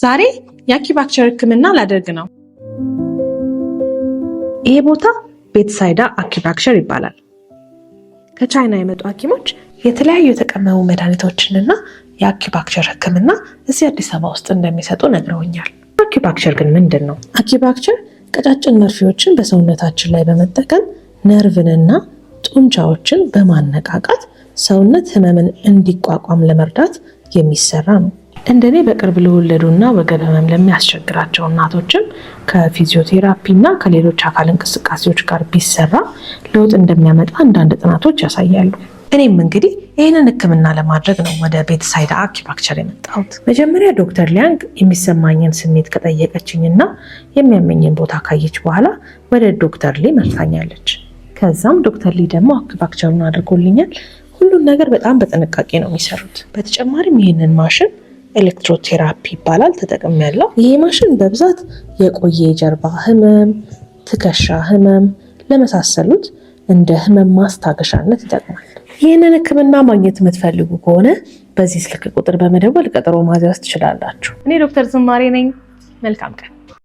ዛሬ የአኪፓክቸር ህክምና ላደርግ ነው። ይሄ ቦታ ቤትሳይዳ አኪባክቸር ይባላል። ከቻይና የመጡ ሐኪሞች የተለያዩ የተቀመሙ መድኃኒቶችንና የአኪባክቸር ህክምና እዚህ አዲስ አበባ ውስጥ እንደሚሰጡ ነግረውኛል። አኪባክቸር ግን ምንድን ነው? አኪባክቸር ቀጫጭን መርፌዎችን በሰውነታችን ላይ በመጠቀም ነርቭንና ጡንቻዎችን በማነቃቃት ሰውነት ህመምን እንዲቋቋም ለመርዳት የሚሰራ ነው። እንደኔ በቅርብ ለወለዱና ወገብ ህመም ለሚያስቸግራቸው እናቶችም ከፊዚዮቴራፒ እና ከሌሎች አካል እንቅስቃሴዎች ጋር ቢሰራ ለውጥ እንደሚያመጣ አንዳንድ ጥናቶች ያሳያሉ። እኔም እንግዲህ ይህንን ህክምና ለማድረግ ነው ወደ ቤተሳይዳ አኪፓክቸር የመጣሁት። መጀመሪያ ዶክተር ሊያንግ የሚሰማኝን ስሜት ከጠየቀችኝና የሚያመኝን ቦታ ካየች በኋላ ወደ ዶክተር ሊ መርታኛለች። ከዛም ዶክተር ሊ ደግሞ አኪፓክቸሩን አድርጎልኛል። ሁሉን ነገር በጣም በጥንቃቄ ነው የሚሰሩት። በተጨማሪም ይህንን ማሽን ኤሌክትሮቴራፒ ይባላል። ተጠቅም ያለው ይህ ማሽን በብዛት የቆየ የጀርባ ህመም፣ ትከሻ ህመም ለመሳሰሉት እንደ ህመም ማስታገሻነት ይጠቅማል። ይህንን ህክምና ማግኘት የምትፈልጉ ከሆነ በዚህ ስልክ ቁጥር በመደወል ቀጠሮ ማስያዝ ትችላላችሁ። እኔ ዶክተር ዝማሬ ነኝ። መልካም ቀን